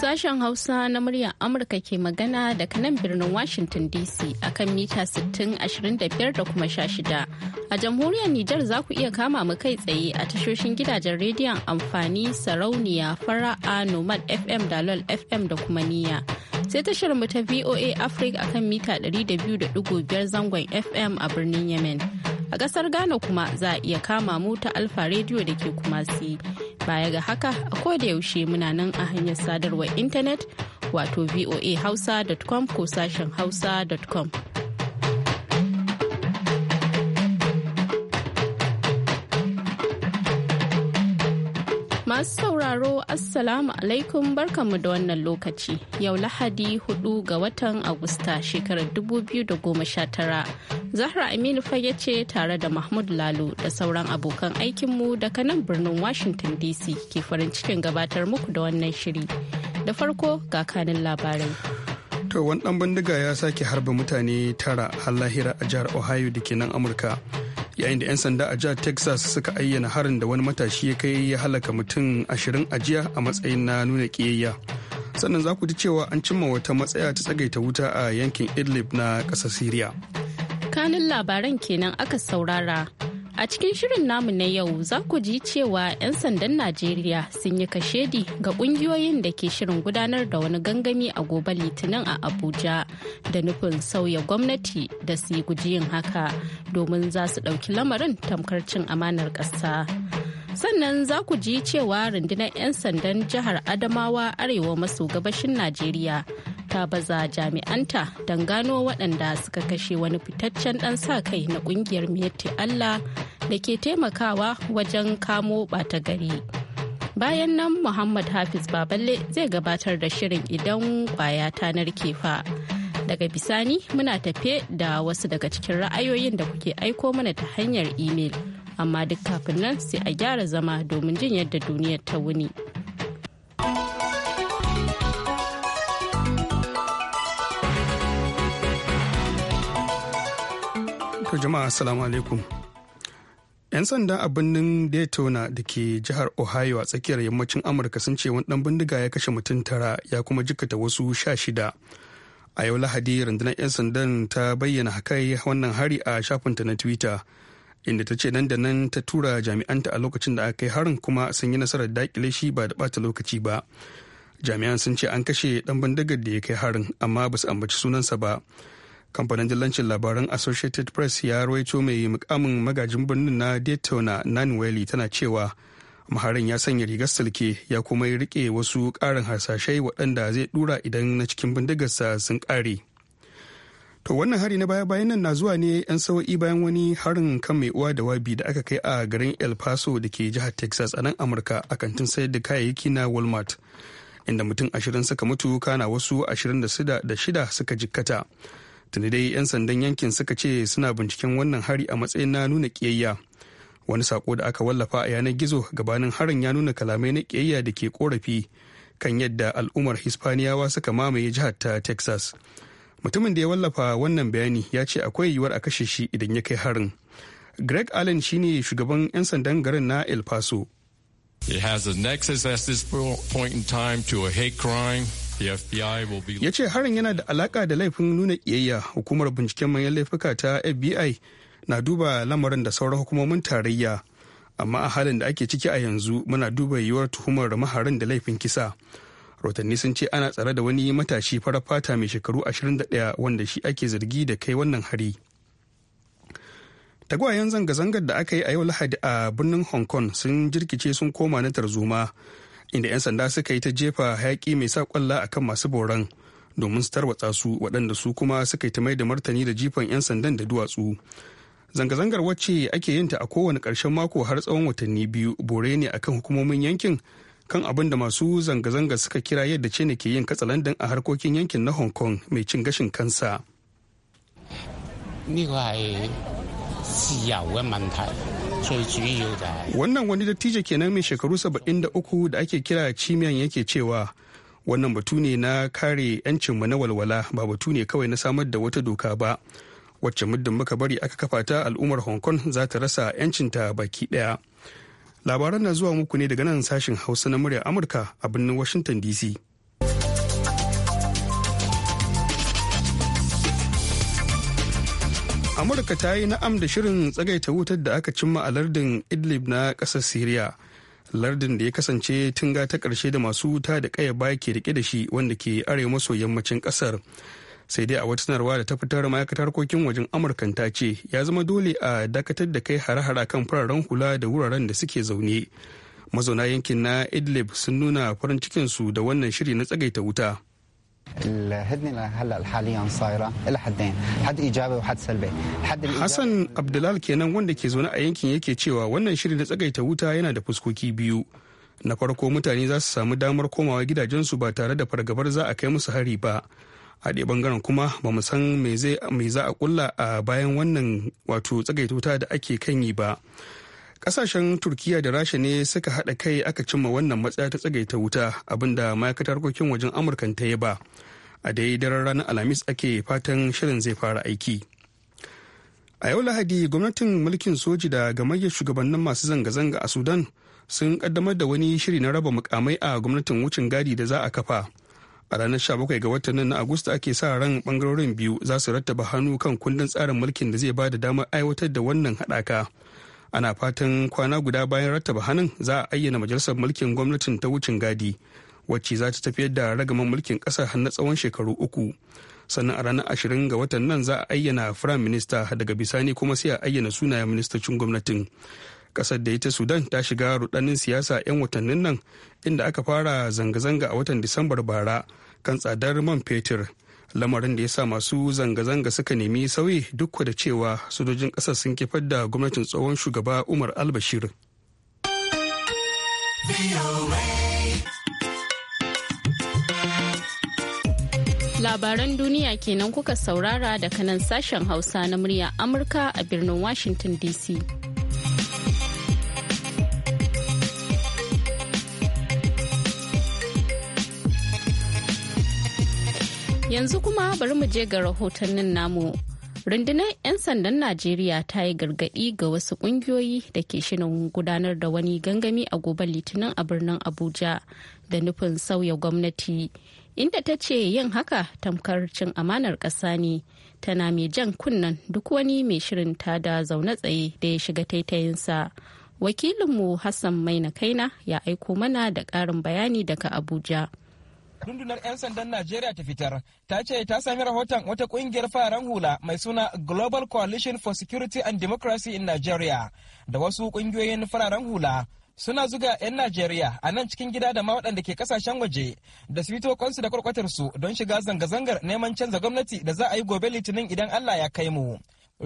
Sashen Hausa na muryar Amurka ke magana daga nan birnin Washington DC akan mita 6025 da kuma 16. A jamhuriyar Nijar za ku iya kama mu kai tsaye a tashoshin gidajen rediyon amfani sarauniya fara'a Nomad FM da LOL FM da kuma niya. Sai tashar mu ta VOA Africa akan mita 200.5 zangon FM a birnin Yemen. A ƙasar Ghana kuma za a iya kama mu ta Alfa Radio da ke Kumasi. Baya ga haka a da yaushe muna nan a hanyar sadarwar intanet wato voahausa.com ko sashen hausa.com. Masu sauraro Assalamu alaikum barkanmu da wannan lokaci yau Lahadi 4 ga watan Agusta shekarar 2019. Zahra Aminu fage ce tare da Mahmud Lalo da sauran abokan aikinmu daga nan birnin Washington DC ke farin cikin gabatar muku da wannan shiri. Da farko ga kanin labarai. To wani ɗan bindiga ya sake harba mutane tara a lahira a jihar Ohio da ke nan Amurka. yayin da 'yan sanda a jihar texas suka ayyana harin da wani matashi ya kai ya halaka mutum ashirin a jiya a matsayin na nuna kiyayya sannan za ku ji cewa an cimma wata matsaya ta tsagaita wuta a yankin idlib na ƙasar syria kanin labaran kenan aka saurara A cikin shirin namu na yau za ku ji cewa 'yan sandan Najeriya sun yi kashedi ga ƙungiyoyin da ke shirin gudanar da wani gangami a gobe Litinin a Abuja da nufin sauya gwamnati da su yi guji yin haka domin za su ɗauki lamarin tamkar cin amanar ƙasa. sannan za ku ji cewa rundunar 'yan sandan jihar adamawa arewa maso gabashin najeriya ta baza jami'anta don gano waɗanda suka kashe wani fitaccen ɗan sa kai na ƙungiyar miyatti allah da ke taimakawa wajen kamo bata gari. Bayan nan Muhammad Hafiz Baballe zai gabatar da shirin idan kwaya ta narke fa. Daga bisani muna tafe da wasu daga cikin ra'ayoyin da kuke aiko mana ta hanyar imel. Amma duk kafin nan sai a gyara zama domin jin yadda duniyar ta wuni. To jama'a alaikum. 'Yan sanda a birnin Daytona da ke jihar Ohio a tsakiyar yammacin Amurka sun ce wani dan bindiga ya kashe mutum tara ya kuma jikata wasu sha shida. A yau Lahadi rundunar 'yan sandan ta bayyana hakai wannan hari a shafinta na Twitter inda ta ce nan da nan ta tura jami'anta a lokacin da aka yi harin kuma sun yi nasarar dakile shi ba da bata lokaci ba. Jami'an sun ce an kashe dan bindigar da ya kai harin amma ba su ambaci sunansa ba. kamfanin dillancin labaran associated press ya rawaito mai mukamin magajin birnin na daytona nanwelli tana cewa maharin ya sanya rigar silke ya kuma yi rike wasu karin harsashai waɗanda zai dura idan na cikin bindigarsa sun kare. to wannan hari na baya bayan nan na zuwa ne 'yan sawa'i bayan wani harin kan mai uwa da wabi da aka kai a garin el paso da ke jihar texas a nan amurka a kantin sayar da kayayyaki na walmart inda mutum ashirin suka mutu kana wasu ashirin da shida suka jikkata tuni dai 'yan sandan yankin suka ce suna binciken wannan hari a matsayin na nuna kiyayya wani sako da aka wallafa a yanar gizo gabanin harin ya nuna kalamai na kiyayya da ke korafi kan yadda al'ummar hispaniyawa suka mamaye jihar ta texas mutumin da ya wallafa wannan bayani ya ce akwai yiwuwar a kashe shi idan ya kai harin greg allen shine shugaban 'yan sandan garin na el paso has a nexus at this point in time to a hate crime ya ce harin yana da alaka da laifin nuna kiyayya hukumar binciken manyan laifuka ta fbi na duba lamarin da sauran hukumomin tarayya amma a halin da ake ciki a yanzu muna duba yiwuwar tuhumar maharin da laifin kisa rotanni sun ce ana tsare da wani matashi fara fata mai shekaru 21 wanda shi ake zargi da kai wannan hari tagwayen zanga-zangar da aka yi a yau lahadi a birnin hong kong sun jirkice sun koma na tarzoma inda 'yan sanda suka yi ta jefa hayaki mai sa kwalla kan masu boran domin su tarwatsa su waɗanda su kuma suka yi ta mai da martani da jifan 'yan sandan da duwatsu zanga-zangar wacce ake yin ta a kowane ƙarshen mako har tsawon watanni biyu bore ne akan hukumomin yankin kan abin da masu zanga-zanga suka kira yadda ce ne ke yin katsalandan a harkokin yankin na hong kong mai cin gashin kansa 呢個係自由嘅問題。Wannan wani dattijo kenan mai shekaru 73 da ake kira cimiyan yake cewa wannan batu ne na kare 'yancinmu na walwala ba batu ne kawai na samar da wata doka ba. Wacce muddin muka bari aka kafa ta al'ummar Hong Kong za ta rasa 'yancinta baki daya Labaran na zuwa muku ne daga nan sashen Hausa na murya Amurka a birnin Washington DC. amurka ta yi na'am da shirin tsagaita wutar da aka cimma a lardin idlib na ƙasar syria lardin da ya kasance tunga ta ƙarshe da masu wuta da ƙaya baya ke rike da shi wanda ke arewa maso yammacin ƙasar sai dai a wata sanarwa da ta fitar ma'aikatar harkokin wajen amurkan ta ce ya zama dole a dakatar da kai hare-hare kan fararen hula da wuraren da suke zaune mazauna yankin na idlib sun nuna farin cikinsu da wannan shiri na tsagaita wuta الهدنه هلا حاليا صايره الى حدين حد ايجابي وحد سلبي حد حسن الله kenan wanda ke zaune a yankin yake cewa wannan shiri na tsagaita wuta yana da fuskoki biyu na farko mutane za su samu damar komawa gidajensu ba tare da fargabar za a kai musu hari ba a ɗaya bangaren kuma ba mu san me za a kulla a bayan wannan wato tsagaita wuta da ake kan yi ba kasashen turkiya da rasha ne suka haɗa kai aka cimma wannan matsaya ta tsagaita wuta abinda ma'aikatar harkokin wajen amurka ta yi ba a dai daren ranar alhamis ake fatan shirin zai fara aiki a yau lahadi gwamnatin mulkin soji da gamayyar shugabannin masu zanga-zanga a sudan sun kaddamar da wani shiri na raba mukamai a gwamnatin wucin gadi da za a kafa a ranar 17 ga watan nan na agusta ake sa ran bangarorin biyu za su rattaba hannu kan kundin tsarin mulkin da zai ba da damar aiwatar da wannan haɗaka ana fatan kwana guda bayan rattaba hannun za a ayyana majalisar mulkin gwamnatin ta wucin gadi wacce za ta tafiyar da ragaman mulkin kasar na tsawon shekaru uku sannan a ranar ashirin ga watan nan za a ayyana firayim minista daga bisani kuma sai a ayyana sunayen ministocin gwamnatin kasar da ita sudan ta shiga rudanin siyasa 'yan watannin nan inda aka fara zanga-zanga a watan disambar bara kan tsadar man fetur lamarin da ya sa masu zanga-zanga suka nemi sauyi duk da cewa sojojin ƙasar sun kifar da gwamnatin tsohon shugaba umar albashir labaran duniya kenan kuka saurara daga nan sashen hausa na murya amurka a birnin washington dc Yanzu kuma bari mu je ga rahotannin namu. Rundunar 'yan sandan Najeriya ta yi gargaɗi ga wasu ƙungiyoyi da ke shirin gudanar da wani gangami a gobe Litinin a birnin Abuja da nufin sauya gwamnati, inda ta ce yin haka tamkar cin amanar ƙasa ne. Tana mai jan kunnen duk wani mai shirin ta da zaune tsaye da ya shiga taitayinsa. Wakilinmu Hassan Maina Kaina ya aiko mana da ƙarin bayani daga Abuja. rundunar 'yan sandan Najeriya ta fitar ta ce ta sami rahoton wata kungiyar fararen hula mai suna Global Coalition for Security and Democracy in Nigeria da wasu kungiyoyin fararen hula suna zuga 'yan Najeriya a nan cikin gida da ma waɗanda ke kasashen waje da su fito kwansu da kwarkwatarsu don shiga zanga-zangar neman canza gwamnati da za a yi gobe litinin idan Allah ya kai mu.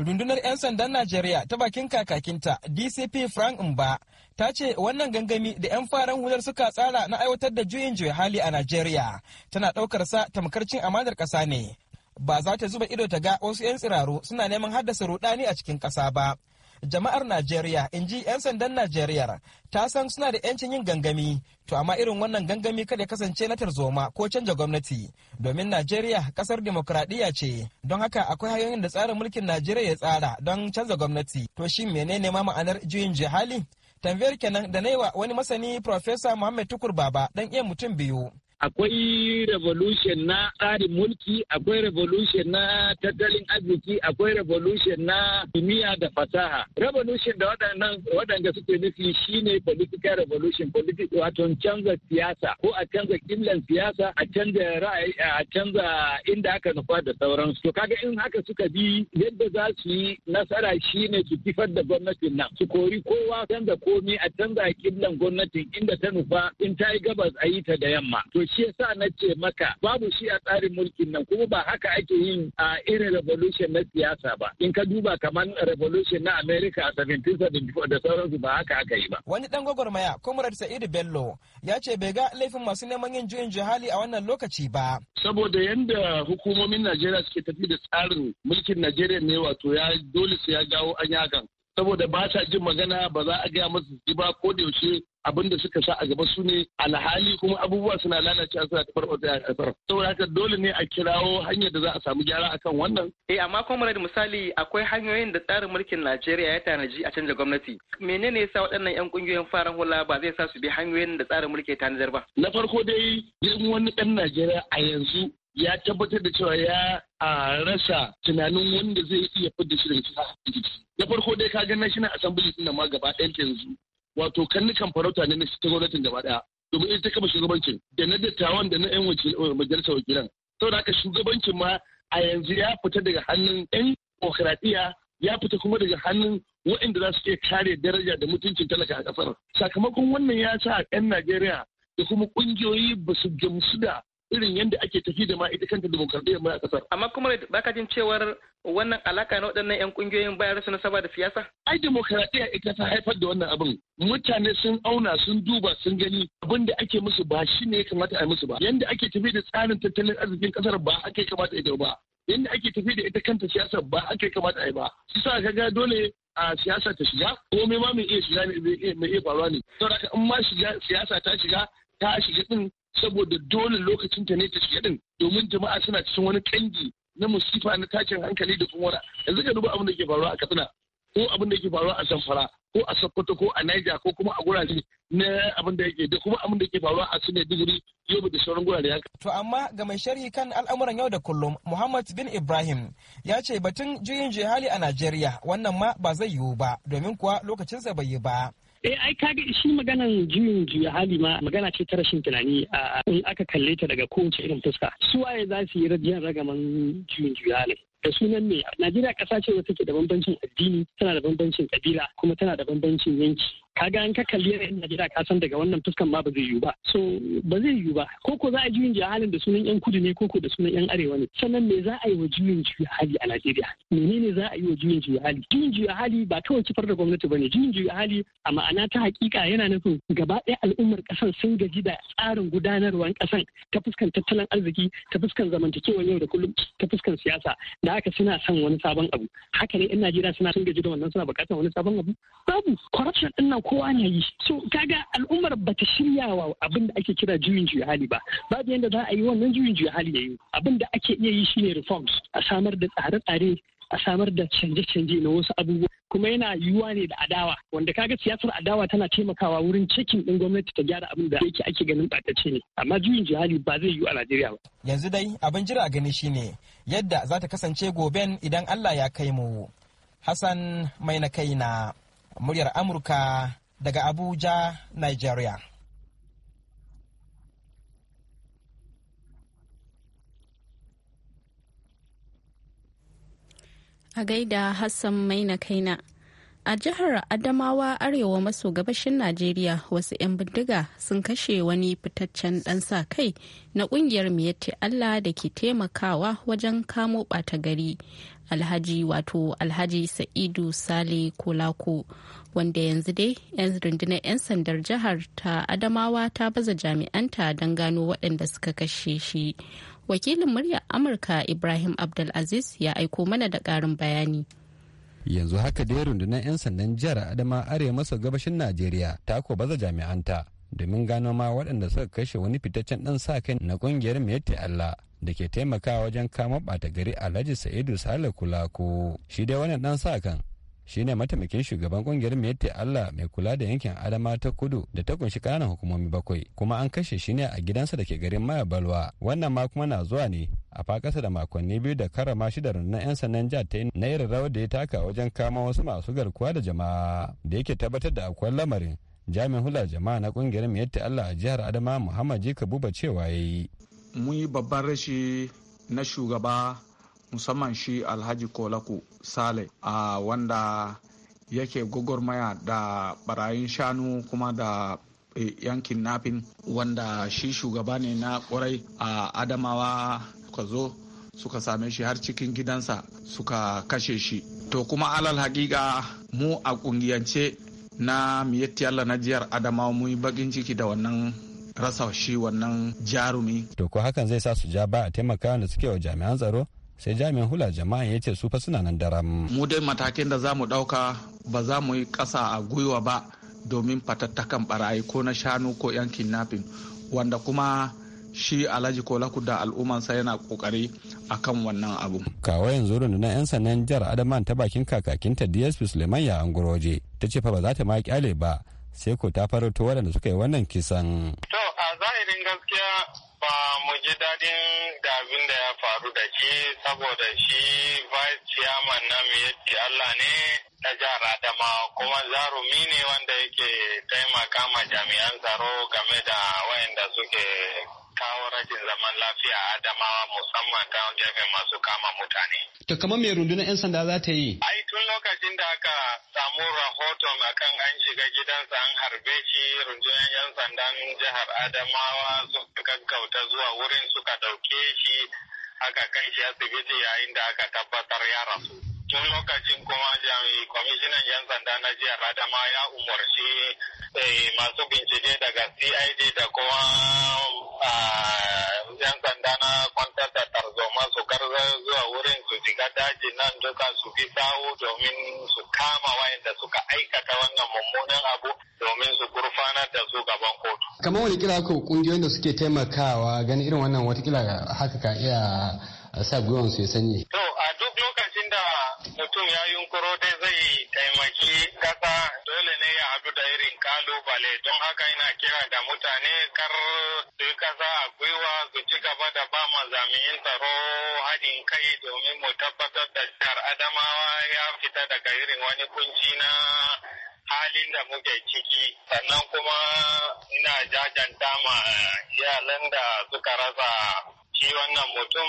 rundunar 'yan sandan najeriya ta bakin kakakinta dcp frank mba ta ce wannan gangami da 'yan faran hular suka tsara na aiwatar da juyin juya hali a najeriya tana ɗaukar sa tamkar cin amanar ƙasa ne ba za ta zuba ido ta ga wasu 'yan tsiraru suna neman haddasa rudani a cikin ƙasa ba jama'ar najeriya in ji 'yan sandan najeriya ta san suna da 'yancin yin gangami to amma irin wannan gangami kada ya kasance na tarzoma ko canja gwamnati domin najeriya kasar demokradiyya ce don haka akwai hanyoyin da tsarin mulkin najeriya ya tsara don canza gwamnati to shi menene ma ma'anar juyin jihali tambayar kenan da naiwa wani masani Profesa Muhammad Tukur Baba dan iya mutum biyu. akwai revolution na tsarin mulki akwai revolution na tattalin arziki akwai revolution na kimiyya da fasaha revolution da waɗannan waɗanda suke nufi shine political revolution political wato canza siyasa ko a canza kimlan siyasa a canza ra'ayi a canza inda aka nufa da sauransu to kaga in haka suka bi yadda za su yi nasara shine su kifar da gwamnatin nan su kori kowa canza komi a canza kimlan gwamnatin inda ta nufa in ta yi gabas a yi ta da yamma to shi yasa na ce maka babu shi a tsarin mulkin nan kuma ba haka ake yin a irin revolution na siyasa ba in ka duba kamar revolution na America a 1774 da sauransu ba haka aka yi ba wani dan gwagwarmaya comrade Sa'idu Bello ya ce bai ga laifin masu neman yin juyin jihali a wannan lokaci ba saboda yanda hukumomin Najeriya suke tafi da tsarin mulkin Najeriya ne wato ya dole su ya gawo an yakan saboda ba sa jin magana ba za a gaya masu ji ba ko da yaushe abin da suka sa a gaba su ne alhali kuma abubuwa suna lalace suna tafar wata kasar saboda haka dole ne a kirawo hanyar da za a samu gyara akan wannan eh amma kuma da misali akwai hanyoyin da tsarin mulkin Najeriya ya tanaji a canja gwamnati menene yasa waɗannan yan kungiyoyin farar hula ba zai sa su bi hanyoyin da tsarin mulki ya tanadar ba na farko dai gidan wani ɗan Najeriya a yanzu ya tabbatar da cewa ya a rasa tunanin wanda zai iya fidda shi daga cikin na farko dai ka ga national assembly din nan ma gaba ɗayan yanzu wato kannukan farauta ne na ta gwamnatin gaba ɗaya domin ita ta shugabanci. shugabancin da na dattawan da na yan eh, majalisa wakilan saboda haka shugabancin ma a yanzu ya fita daga hannun yan demokradiyya ya fita kuma daga hannun waɗanda za su iya kare daraja da mutuncin talaka a ƙasar sakamakon wannan ya sa 'yan najeriya da kuma ƙungiyoyi ba su gamsu da irin yadda ake tafi da ma ita kanta demokaradiyyar mai a kasar. Amma kuma baka jin cewar wannan alaka na waɗannan 'yan ƙungiyoyin bayan rasa nasaba da siyasa? Ai demokaradiyya ita ta haifar da wannan abin. Mutane sun auna sun duba sun gani abin da ake musu ba shi ne ya kamata a musu ba. Yanda ake tafi da tsarin tattalin arzikin kasar ba ake kamata ita ba. Yanda ake tafi da ita kanta siyasa ba ake kamata a yi ba. Su sa ka ga dole a siyasa ta shiga ko mai ma mai iya shiga mai iya faruwa ne. Saboda in ma shiga siyasa ta shiga ta shiga din saboda dole lokacin ta ne ta shiga din domin jama'a suna cikin wani kangi na musifa na tashin hankali da tsumora yanzu ka duba abin da ke faruwa a katsina ko abin da ke faruwa a zamfara ko a sokoto ko a niger ko kuma a gurare na abin da yake da kuma abin da ke faruwa a sune digiri yau da sauran gurare haka. to amma ga mai sharhi kan al'amuran yau da kullum muhammad bin ibrahim ya ce batun juyin jihali a najeriya wannan ma ba zai yiwu ba domin kuwa lokacinsa bai yi ba eh ai kaga shi maganan juyin juya hali ma magana ce ta rashin tunani a ah, in aka kalle ta daga kowace irin fuska su waye za su yi rajin ragaman juyin juya hali da sunan ne Najeriya kasa ce wata ke da bambancin addini tana da bambancin kabila kuma tana da bambancin yanki kaga an ka kalli yanayin Najeriya ka san daga wannan fuskan ma ba zai yiwu ba so ba zai yiwu ba ko ko za a juyin halin da sunan yan kudu ne ko ko da sunan yan arewa ne sannan me za a yi wa juyin hali a Najeriya menene za a yi wa juyin hali juyin hali ba kawai kifar da gwamnati bane juyin hali a ma'ana ta hakika yana nufin gaba ɗaya al'ummar ƙasar sun gaji da tsarin gudanarwar ƙasar ta fuskan tattalin arziki ta fuskan zamantakewar yau da kullum ta fuskan siyasa da haka suna son wani sabon abu haka ne yan Najeriya suna sun gaji da wannan suna buƙatar wani sabon abu babu corruption ɗin nan kowa na yi so kaga al'ummar ba ta shirya wa abin da ake kira juyin juya hali ba babu yadda za a yi wannan juyin juya hali yayi abin da ake iya yi shine reforms a samar da tsare-tsare a samar da canje-canje na wasu abubuwa kuma yana yiwuwa ne da adawa wanda kaga siyasar adawa tana taimakawa wurin cikin din gwamnati ta gyara abin da yake ake ganin ɓatacce ne amma juyin jihali ba zai yiwu a Najeriya ba yanzu dai abin jira gani shine yadda za ta kasance goben idan Allah ya kai mu Hassan mai na kaina muryar amurka daga abuja nigeria a gaida hassan maina kaina A jihar Adamawa Arewa maso gabashin Najeriya wasu 'yan bindiga sun kashe wani fitaccen ɗan sa kai na ƙungiyar Miyatti Allah da ke taimakawa wajen kamo ɓata gari. Alhaji wato Alhaji Sa'idu Sale Kolako wanda yanzu dai 'yan rundunar 'yan sandar jihar ta Adamawa ta baza jami'anta don gano waɗanda suka kashe shi. Wakilin muryar Amurka Ibrahim Abdulaziz ya aiko mana da ƙarin bayani. yanzu haka dai rundunar 'yan sandan jihar adama arewa maso gabashin najeriya ta ko baza jami'anta domin gano ma waɗanda suka kashe wani fitaccen ɗan sa kai na ƙungiyar Mete Allah da ke taimakawa wajen kama ɓata gari Alhaji Sa'idu Sale Kulako. Shi dai wannan ɗan sa kan shine mataimakin shugaban kungiyar Mete Allah mai kula da yankin Adama ta Kudu da ta kunshi kananan hukumomi bakwai kuma an kashe shi ne a gidansa da ke garin Maya Balwa wannan ma kuma na zuwa ne a fakasa da makonni biyu da karama shi da rundunar 'yan sannan jihar ta na irin rawar da ya taka wajen kama wasu masu garkuwa da jama'a da yake tabbatar da akwai lamarin jami'in hula jama'a na kungiyar Mete Allah a jihar Adama Muhammad Jika Buba cewa yayi mun yi babban rashi na shugaba musamman shi alhaji kolaku sale a wanda yake gwagwarmaya da barayin shanu kuma da e, yankin nafin wanda shi shugaba ne na kwarai a adamawa suka zo suka same shi har cikin gidansa suka kashe shi to kuma alal hakika mu a kungiyance na miyatti allah na jiyar adamawa mu yi bakin ciki da wannan rasa shi wannan jarumi to ko hakan zai sa su ja ba a taimaka da suke wa jami'an tsaro sai jami'an hula jama'a ya ce su fa suna nan daram mu dai matakin da za mu ɗauka ba za mu yi ƙasa a gwiwa ba domin fatattakan barayi ko na shanu ko yan kinnafin wanda kuma shi alhaji kolaku da al'ummansa yana kokari a kan wannan abu. kawo yanzu na 'yan sannan jihar adaman ta bakin kakakin ta dsp suleiman ya angoroje ta ce fa ba za ta ma kyale ba sai ko ta to waɗanda suka yi wannan kisan. gaskiya ba mu ji daɗin da abin da ya faru da shi saboda shi vice chairman na Allah ne na jihar Adama kuma zarumi ne wanda yake taimaka ma jami'an tsaro game da wayanda suke rashin zaman lafiya a Adamawa musamman ta gefen masu kama mutane. To kamar me rundunar 'yan sanda za ta yi? Ai tun lokacin da aka samu rahoton akan an shiga gidansa an harbe shi rundunar 'yan sandan jihar Adamawa suka gaggauta zuwa wurin suka ɗauke shi aka kai shi asibiti yayin da aka tabbatar ya rasu. tun lokacin kuma jami'i kwamishinan 'yan sanda na jihar adama ya umarci eh, masu bincike daga cid da kuma ah, 'yan sanda na kwantar da tarzoma su karza zuwa wurin su shiga daji nan duka su bi sawo domin su kama wayanda suka aikata wannan mummunan abu domin su gurfanar da su gaban kotu. kamar wani kira ko kungiyoyin da suke taimakawa ganin irin wannan watakila haka ka iya sa gwiwansu ya sanye. to taimaki ƙasa dole ne ya haɗu da irin kalubale don haka ina kira da mutane kar su yi ƙasa a gwiwa su ci gaba da ba ma zamiyin tsaro haɗin kai domin mu tabbatar da jihar Adamawa ya fita daga irin wani kunci na halin da muke ciki sannan kuma ina jajanta ma iyalan da suka rasa shi wannan mutum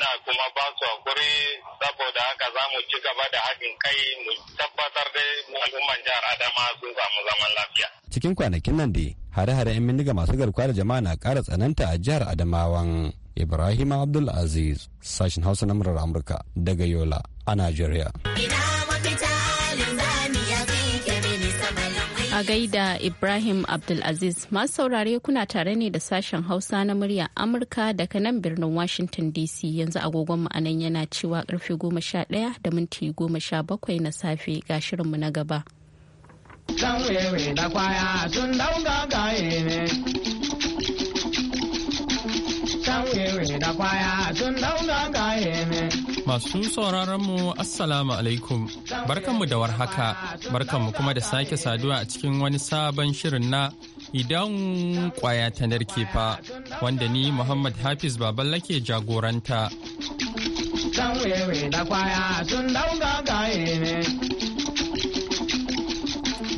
na kuma ba su hakuri saboda haka za mu ci gaba da haɗin kai mu tabbatar da al'umman jihar Adama sun samu zaman lafiya. Cikin kwanakin nan dai hare-hare 'yan bindiga masu garkuwa da jama'a na kara tsananta a jihar Adamawan. Ibrahim Abdul Aziz, sashen Hausa na murar Amurka daga Yola a Najeriya. A gaida Ibrahim Abdulaziz masu saurare kuna tare ne da sashen Hausa na murya Amurka daga nan birnin Washington DC yanzu agogon mu anan yana cewa karfe 11 da minti 17 na safe ga shirinmu na gaba. Masu sauraron mu Assalamu alaikum. Barkanmu da warhaka. Barkanmu kuma da sake saduwa a cikin wani sabon shirin na idan kwaya ta narke fa wanda ni Muhammad Hafiz Baballa ke jagoranta.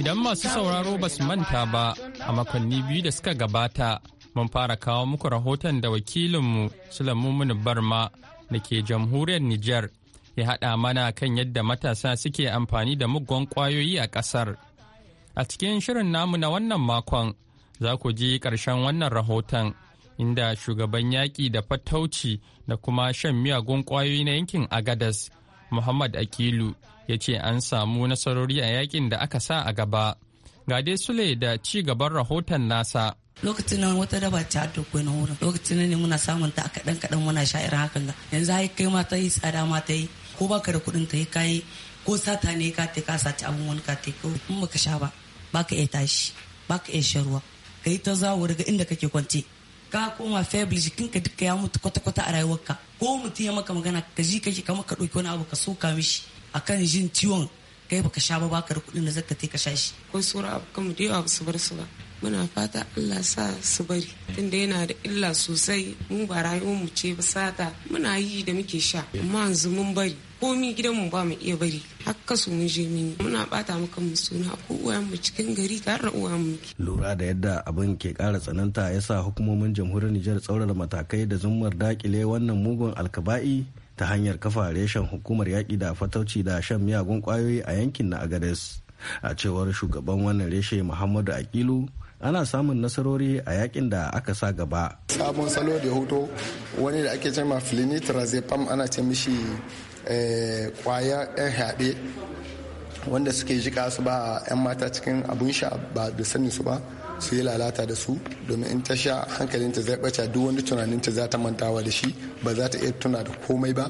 Idan masu sauraro ba su manta ba a makonni biyu da suka gabata mun fara kawo muku rahoton da wakilinmu Sulaimu Barma da ke jamhuriyar Nijar ya haɗa mana kan yadda matasa suke amfani da muggan ƙwayoyi a ƙasar. A cikin shirin namu na wannan makon za ku ji ƙarshen wannan rahoton inda shugaban yaƙi da fatauci da kuma shan miyagun ƙwayoyi na yankin Agadas Muhammad Akilu ya ce an samu nasarori a yaƙin da aka sa a gaba. Gade Sule da ci gaban rahoton nasa. lokacin nan wata daba ta hado kwai na wurin lokacin nan ne muna samun ta kaɗan kaɗan muna sha hakan ga yanzu ai kai ma ta yi tsada ma ta yi ko baka da kuɗin ka yi kai ko sata ne ka ta ka ta abun wani ka ta ko in baka sha ba baka iya tashi baka iya sharuwa ruwa ka yi ta ga daga inda kake kwance ka koma febri ka duka ya mutu kwata-kwata a rayuwarka ko mutum ya maka magana ka ji kake kamar ka dauki wani abu ka soka mishi akan jin ciwon kai baka sha ba baka da kuɗin da zaka ka sha shi ko sura abu kan da yawa su bar su ba muna fata Allah sa su bari tunda yana da illa sosai mu ba rayuwar mu ce ba sata muna yi da muke sha amma yanzu mun bari komi gidanmu ba mu iya bari haka su mun je mini muna bata maka mu suna ko uwayen mu cikin gari tare da uwayen mu lura da yadda abin ke kara tsananta yasa hukumomin jamhuriyar Nijar tsaurara matakai da zummar dakile wannan mugun alkaba'i ta hanyar kafa reshen hukumar yaƙi da fatauci da shan miyagun ƙwayoyi a yankin na Agades a cewar shugaban wannan reshe Muhammadu Akilu ana samun nasarori a yakin da aka sa gaba. Sabon salo da hoto wani da ake cema flinitrozepam ana ce mishi eh, kwaya 'yan haɗe wanda suke jika su ba 'yan mata cikin abun sha ba da sani su ba su yi lalata da su domin in ta sha hankalinta zai ɓace duk wani tunaninta za ta mantawa da shi ba za ta iya tuna da komai ba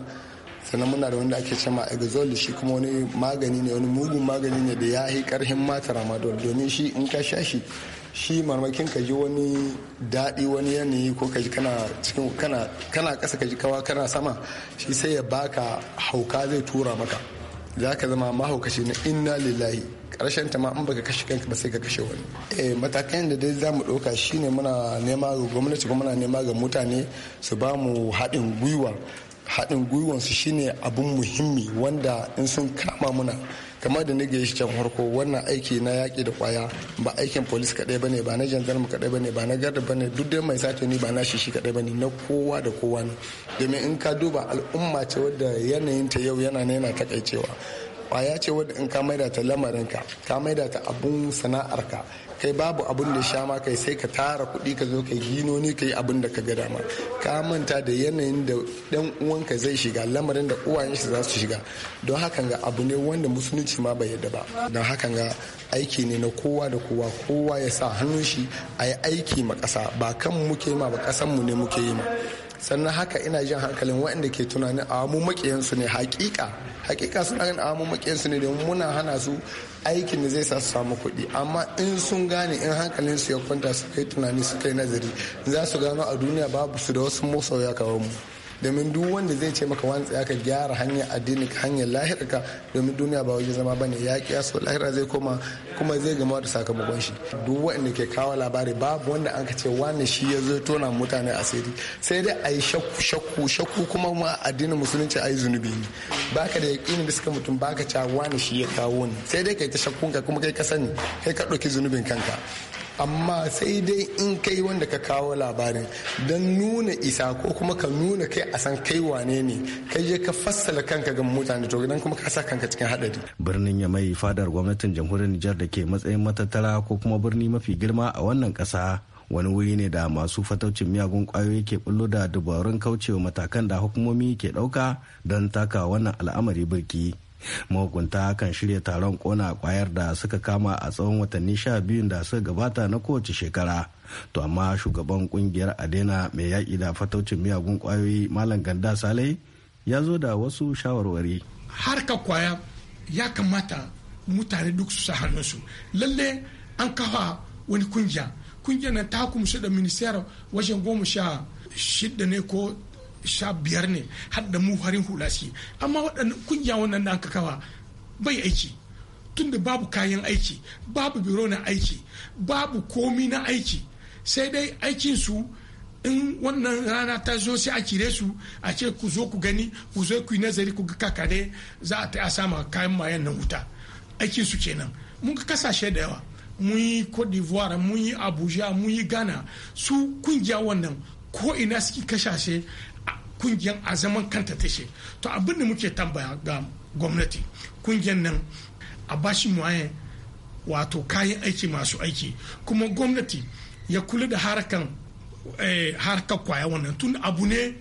sannan muna da wanda ake cema exol shi kuma wani magani ne wani mugun magani ne da ya yi karhin mata ramadol domin shi in ka sha shi shi marmakin ka ji wani daɗi wani yanayi ko ka ji kana cikin kana kana ƙasa ka kawa kana sama shi sai ya baka hauka zai tura maka za ka zama mahaukaci na inna lillahi karshen ta ma in baka kashe kanka ba sai ka kashe wani eh matakan da dai zamu ɗauka shine muna nema ga gwamnati kuma muna nema ga mutane su ba mu haɗin gwiwa haɗin gwiwansu shine abin muhimmi wanda in sun kama muna kamar da nage shi can harko wannan aiki na yaƙi da ƙwaya ba aikin polis kaɗai bane ba na jandarmu kaɗai bane ba na garda bane duk dai mai sata ni ba na shi shi kaɗai bane na kowa da kowa ne domin in ka duba al'umma ce wadda yanayin ta yau yana na yana takaicewa ƙwaya ce wadda in ka maida ta lamarinka ka maida ta abun sana'arka kai babu abin da sha ma kai sai ka tara kuɗi ka zo kai ginoni kai abin da ka ga dama ka manta da yanayin da dan uwanka zai shiga lamarin da uwayen shi za su shiga don hakan ga abu ne wanda musulunci ma bai yadda ba don hakan ga aiki ne na kowa da kowa kowa ya sa hannun shi a yi aiki ma kasa ba kan muke ma ba kasan mu ne muke yi ma sannan haka ina jin hankalin waɗanda ke tunanin a mu makiyansu ne hakika hakika suna gani a mu makiyansu ne domin muna hana su aikin da zai sa su samu kuɗi amma in sun gane in hankalin su ya kwanta su kai tunani su kai nazari za su gano a duniya babu su da wasu masoya kawai mu domin duk wanda zai ce maka wani tsaya ka gyara hanyar addini ka hanyar lahirka domin duniya ba waje zama bane ya kiya so lahira zai koma kuma zai gama da sakamakon shi duk wanda ke kawo labari babu wanda an ka ce wani shi ya zo tona mutane asiri sai dai a yi shakku shakku shakku kuma ma addinin musulunci a yi zunubi ne baka da yaƙinin da suka mutum baka ca wani shi ya kawo ni sai dai kai ta shakkunka kuma kai ka sani kai ka ɗauki zunubin kanka amma sai dai in kai wanda ka kawo labarin don nuna isa ko kuma ka nuna kai a san kai wane ne kai je ka fassala kanka ga mutane to gidan kuma ka sa kanka cikin hadari birnin ya mai fadar gwamnatin jamhuriyar Nijar da ke matsayin matattara ko kuma birni mafi girma a wannan kasa wani wuri ne da masu fataucin miyagun kwayoyi ke bullo da dubarun kaucewa matakan da hukumomi ke dauka don taka wannan al'amari birki mahukunta kan shirya taron kona kwayar da suka kama a tsawon watanni sha biyun da suka gabata na kowace shekara to amma shugaban kungiyar adena mai yaƙi da fataucin miyagun kwayoyi malam ganda salai ya zo da wasu shawarwari harka kwaya ya kamata mutane duk su sa hannunsu lalle an kafa wani kungiya kungiyar na ta kumsu da ministiyar wajen goma sha shidda ne ko sha biyar ne har da mu harin hula suke amma waɗannan kungiya wannan da aka kawa bai aiki tunda babu kayan aiki babu biro na aiki babu komi na aiki sai dai aikin su in wannan rana ta zo sai a kire su a ce ku zo ku gani ku zo ku yi nazari ku ga kakare za a ta sama kayan mayan nan wuta aikin su kenan mun ga kasashe da yawa mun yi cote d'ivoire mun yi abuja mun yi ghana su kungiya wannan ko ina suke kashashe kungiyar a zaman kanta ta she to abin da muke tambaya ga gwamnati kungiyar nan a bashi muwayen wato kayan aiki masu aiki kuma gwamnati ya kula da harkan eh, harkar kwaya wannan tun abu ne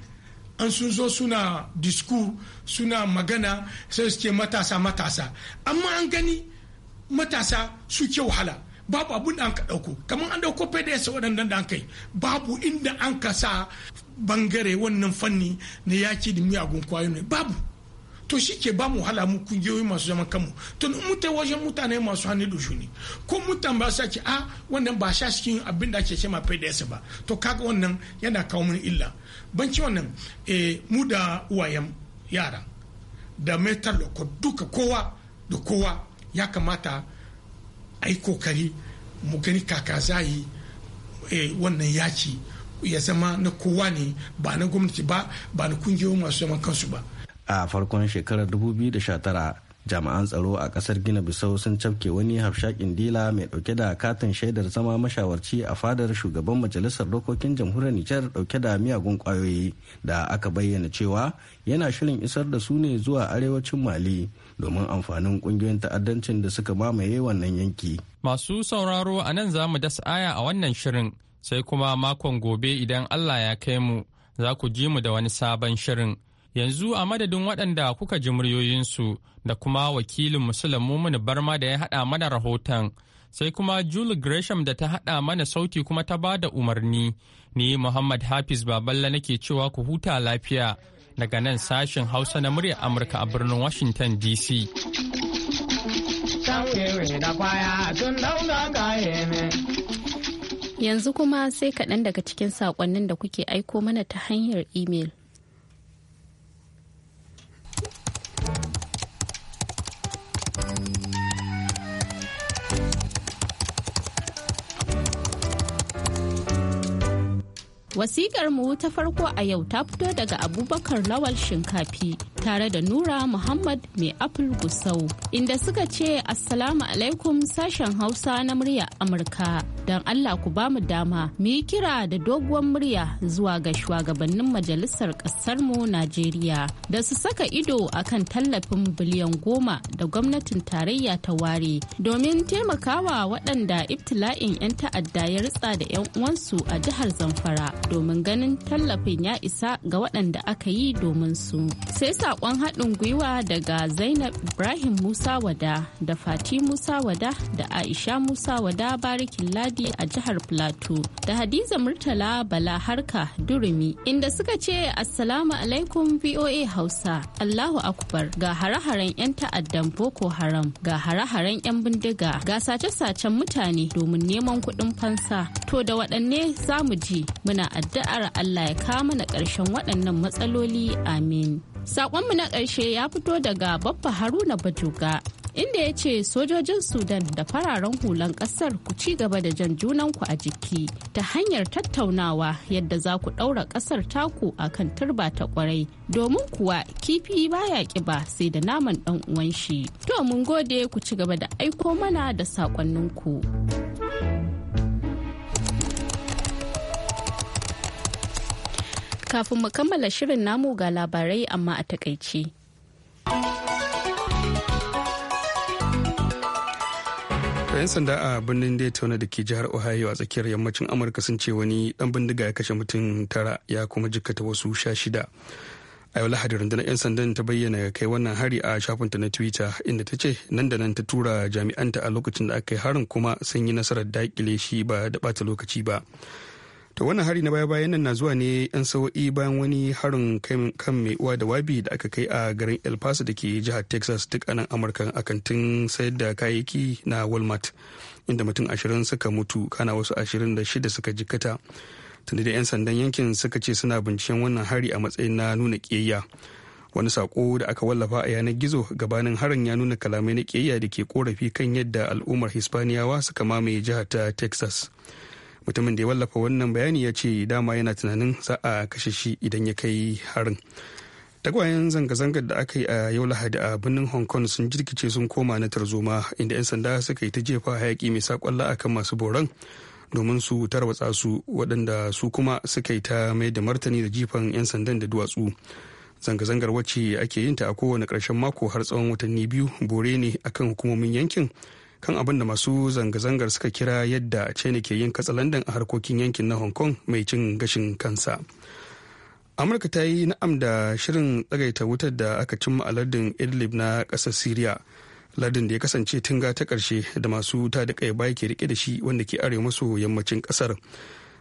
an sun zo suna disku suna magana sai suke matasa matasa amma an gani matasa suke wahala babu abun da an ka ɗauko kamar an ɗauko pds waɗannan da an kai babu inda an ka sa bangare wannan fanni na yaki da miyagun ne babu to shi ke ba mu hala mu kungiyoyi masu zaman kanmu to in mu ta wajen mutane masu hannu da shuni ko mutan ba sa ce a wannan ba sha cikin abin da ake ce ma PDS ba to kaga wannan yana kawo mini illa banci wannan eh, mu da uwayen yara da metal da duka kowa da kowa ya kamata ai kokari mu gani kaka za eh, wannan yaki ya zama na kowa ne ba na gwamnati ba ba na kungiyoyin masu zaman kansu ba a farkon shekarar 2019 jami'an tsaro a kasar gina bisau sun cafke wani hafshakin dila mai dauke da katin shaidar zama mashawarci a fadar shugaban majalisar dokokin jamhuriyar nijar dauke da miyagun kwayoyi da aka bayyana cewa yana shirin isar da su ne zuwa arewacin mali domin amfanin kungiyoyin ta'addancin da suka mamaye wannan yanki. Masu sauraro a nan za mu dasa aya a wannan shirin sai kuma makon gobe idan Allah ya kai mu za ku ji mu da wani sabon shirin. Yanzu a madadin waɗanda kuka ji muryoyinsu da kuma wakilin Musulun Mumuni Barma da ya haɗa mana rahoton. Sai kuma Julie Gresham da ta haɗa mana sauti kuma ta bada umarni. Ni Muhammad Hafiz Baballa nake cewa ku huta lafiya. daga nan sashen Hausa na muryar Amurka a birnin Washington DC. Yanzu kuma sai kaɗan daga cikin saƙonnin da kuke aiko mana ta hanyar imel. Wasikar mu ta farko a yau ta fito daga Abubakar Lawal Shinkafi tare da Nura Muhammad mai Apple Gusau, inda suka ce Assalamu alaikum sashen Hausa na murya Amurka. Don Allah ku ba mu dama, mu yi kira da doguwar murya zuwa ga shugabannin majalisar ƙasarmu Najeriya da su saka ido a kan tallafin biliyan goma da gwamnatin tarayya ta ware domin taimakawa waɗanda ibtila'in 'yan ta'adda ya ritsa da 'yan uwansu a jihar Zamfara domin ganin tallafin ya isa ga waɗanda aka yi domin su. Sai sakon haɗin gwiwa daga Zainab Ibrahim Musa Wada da Fati Musa Wada da Aisha Musa Wada Barikin Ladi a jihar Plateau da Hadiza Murtala Bala Harka Durumi inda suka ce Assalamu alaikum VOA Hausa Allahu Akbar ga hare-haren 'yan ta'addan Boko Haram ga hare-haren 'yan bindiga ga sace-sacen mutane domin neman kuɗin fansa to da waɗanne za mu ji muna addu'ar Allah ya kama mana ƙarshen waɗannan matsaloli amin. Sakonmu na ƙarshe ya fito daga Baffa Haruna Bajuga inda ya ce sojojin Sudan da fararen hulan ƙasar ku ci gaba da jan junanku a jiki ta hanyar tattaunawa yadda za ku ɗaura ƙasar taku a kan turba ta ƙwarai domin kuwa kifi baya ƙiba sai da naman ɗan uwan shi. To mun gode ku ci gaba da aiko mana da saƙonninku. Kafin mu kammala shirin namu ga labarai amma a takaice yan sanda a birnin daytona da ke jihar ohio a tsakiyar yammacin amurka sun ce wani dan bindiga ya kashe mutum tara ya kuma jikkata wasu sha shida a yau lahadi rundunar 'yan sandan ta bayyana kai wannan hari a shafinta na twitter inda ta ce nan da nan ta tura jami'anta a lokacin da aka yi harin kuma sun yi nasarar daƙile shi ba da bata lokaci ba to wannan hari na baya-bayan nan na zuwa ne yan sawa'i bayan wani harin kan mai uwa da wabi da aka kai a garin el paso da ke jihar texas duk a nan amurka a kantin sayar da kayayyaki na walmart inda mutum ashirin suka mutu kana wasu ashirin da shida suka jikkata tunda da 'yan sandan yankin suka ce suna binciken wannan hari a matsayin na nuna ƙiyayya wani sako da aka wallafa a yanar gizo gabanin harin ya nuna kalamai na ƙiyayya da ke korafi kan yadda al'ummar hispaniyawa suka mamaye jihar ta texas mutumin da ya wallafa wannan bayani ya ce dama yana tunanin za a kashe shi idan ya kai harin tagwayen zanga-zangar da aka yi a yau lahadi a birnin hong kong sun jirkice sun koma na tarzoma inda 'yan sanda suka yi ta jefa hayaki mai sakwalla a kan masu boran domin su tarwatsa su waɗanda su kuma suka yi ta mai da martani da jifan 'yan sandan da duwatsu zanga-zangar wacce ake yinta ta a kowane ƙarshen mako har tsawon watanni biyu bore ne akan hukumomin yankin kan abin da masu zanga-zangar suka kira yadda cene ke yin katsalandan a harkokin yankin na hong kong mai cin gashin kansa amurka ta yi na'am da shirin tsagaita wutar da aka cimma a lardin idlib na ƙasar syria lardin da ya kasance tunga ta karshe da masu ta da kai baya ke rike da shi wanda ke arewa maso yammacin ƙasar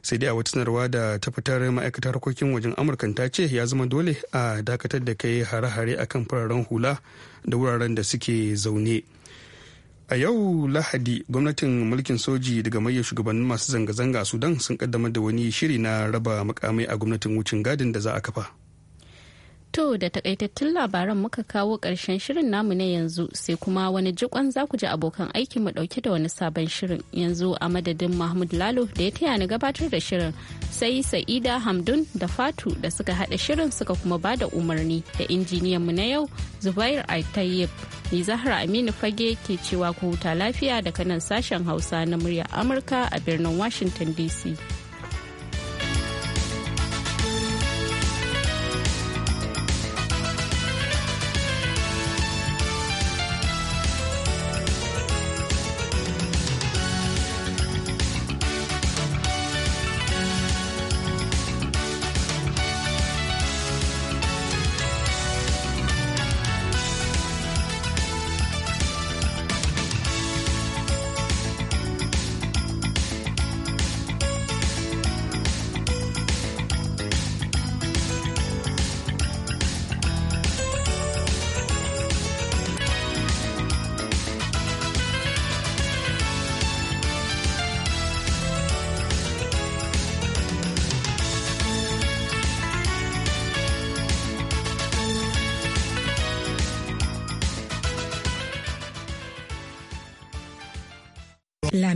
sai dai a wata sanarwa da ta fitar ma'aikatar harkokin wajen amurka ta ce ya zama dole a dakatar da kai hare-hare akan fararen hula da wuraren da suke zaune a yau lahadi gwamnatin mulkin soji daga mayyar shugabannin masu zanga-zanga sudan sun kaddamar da wani shiri na raba makamai a gwamnatin wucin gadin da za a kafa To da takaitattun labaran muka kawo ƙarshen shirin namu na yanzu sai kuma wani jikon za ku ji abokan aiki mu ɗauke da wani sabon shirin yanzu a madadin Mahmud Lalo da ya taya ni gabatar da shirin sai Sa'ida Hamdun da Fatu da suka haɗa shirin suka kuma ba da umarni da injiniyan mu na yau Zubair Aitayyib. Ni Zahra Aminu Fage ke cewa ku huta lafiya daga nan sashen Hausa na muryar Amurka a birnin Washington DC.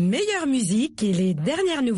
meilleure musique et les dernières nouvelles.